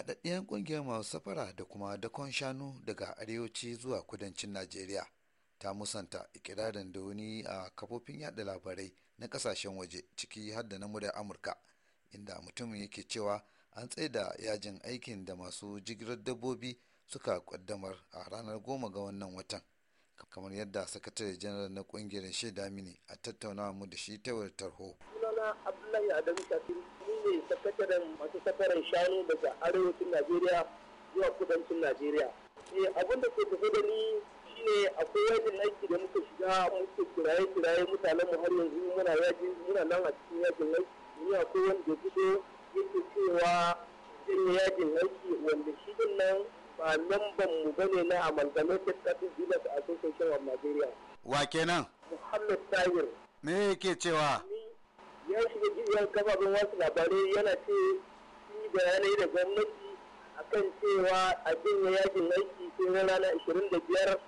haɗaɗɗiyar ƙungiyar masu safara da kuma dakon shanu daga arewaci zuwa kudancin najeriya ta musanta ikirarin da wani a kafofin yada labarai na ƙasashen waje ciki har da na muryar amurka inda mutumin yake cewa an da yajin aikin da masu jigilar dabbobi suka ƙaddamar a ranar goma ga wannan watan kamar yadda sakatare janar na ƙungiyar shaida mini a tattaunawa mu da shi ta tarho sunana ne sakataren masu safarar shanu daga arewacin najeriya zuwa kudancin najeriya eh, abin da ke tafi da ni shine akwai yajin aiki da muka shiga muke kiraye kiraye mutanen mu har yanzu muna yaji muna nan a cikin yajin aiki ni akwai wanda fito yake cewa yi yajin aiki wanda shi din nan ba lamban mu bane na amalgamated status dealers association of nigeria wa kenan muhammad tahir me yake cewa ni ya shiga jiyar kafafen wasu labarai yana ce shi da yanayi da gwamnati akan cewa a jinya yajin aiki sai na rana 25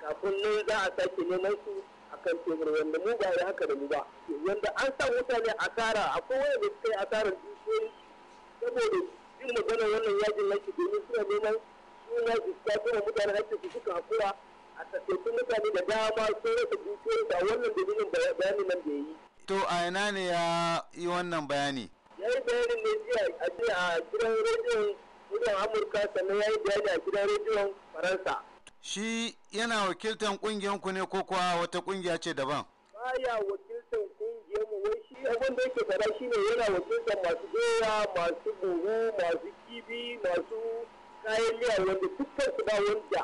kafin nan za a sake neman su akan tebur wanda mu ba ya haka da mu ba wanda an sa mutane asara akwai da suka yi asarar dukiyoyi saboda yin maganar wannan yajin aiki domin suna neman suna iska kuma mutane hakkin su suka hakura a tattaitun mutane da dama sun rasa dukiyoyi da wannan dalilin bayanin nan da ya yi to a ina ne ya yi wannan bayani ya bayanin ne jiya a gidan rediyon gidan amurka sannan yayi yi bayani a gidan rediyon faransa shi yana wakiltan kungiyan ku ne ko kuwa wata kungiya ce daban baya wakiltan kungiyar mu wai shi abin da yake fara shine yana wakiltan masu doya masu buhu masu kibi masu kayan miya wanda dukkan su ba wanda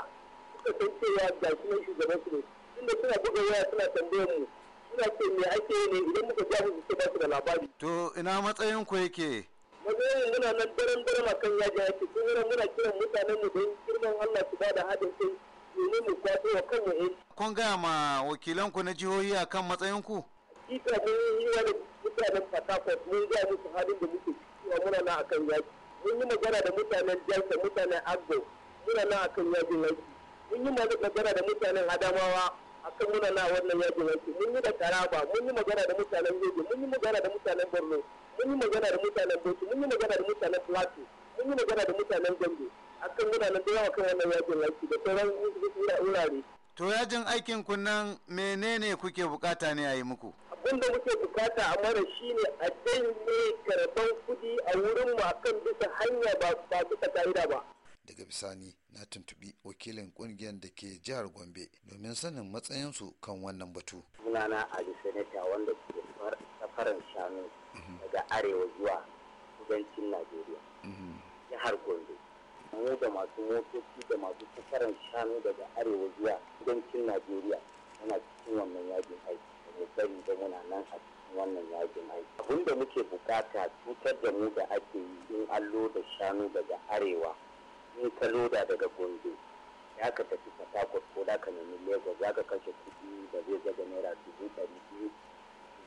suka san cewa ga shi shugaban su ne inda suna buga waya suna tambayar mu suna ce me ake ne idan muka ja musu su basu da labari. To ina matsayin ku yake? Matsayin muna nan daren daren akan yaji yake sun yi muna kiran mutanen mu don girman Allah su ba da haɗin kai domin mu kwato wa kanmu in. Kun gaya ma wakilan ku na jihohi akan matsayin ku? Ita ne yi wani mutanen Fatakot mun gaya musu halin da muke cewa muna nan akan yaji. Mun yi magana da mutanen Delta mutanen Agbo muna nan akan yajin yaji. Mun yi magana da mutanen Adamawa akan muna na wannan yaƙi wanki mun yi da taraba mun yi magana da mutanen yobe mun yi magana da mutanen borno mun yi magana da mutanen bauchi mun yi magana da mutanen plateau mun yi magana da mutanen gombe akan mutanen da yawa kan wannan yajin wanki da sauran wurare. to yajin aikin ku nan menene kuke bukata ne a yi muku. abin da muke bukata a mara ne a ne karɓar kuɗi a wurin mu akan bisa hanya ba bisa ka'ida ba. bisani na tuntubi wakilin kungiyar da ke jihar gombe domin sanin matsayinsu kan wannan batu sunana ali Senator wanda ke safaran shanu mhm. daga arewa zuwa kudancin najeriya mhm. jihar gombe mu da masu motoci da masu safaran shanu daga arewa zuwa kudancin najeriya muna cikin wannan yajin aiki da bari da muna nan a cikin wannan yajin aiki da muke bukata cutar da mu da ake yi in allo da shanu daga arewa in ka loda daga gombe ya ka tafi fatakwal ko da ka nemi lagos za ka kashe kudi da zai zaga naira dubu ɗari biyu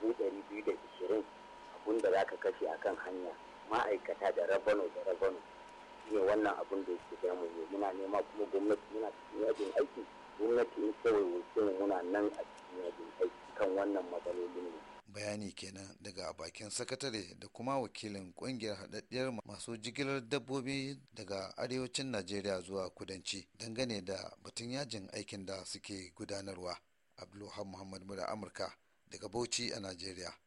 dubu ɗari biyu da ishirin abun da za ka kashe a kan hanya ma'aikata da rabano da rabano ne wannan abun da yake damu ne muna nema kuma gwamnati muna cikin yajin aiki gwamnati in kawai wuce muna nan a cikin yajin aiki kan wannan matsalolin ne. bayani kenan a bakin sakatare da kuma wakilin kungiyar haɗaɗɗiyar masu jigilar dabbobi daga arewacin najeriya zuwa kudanci dangane da batun yajin aikin da suke gudanarwa abdulhamid muhammad mura amurka daga bauchi a najeriya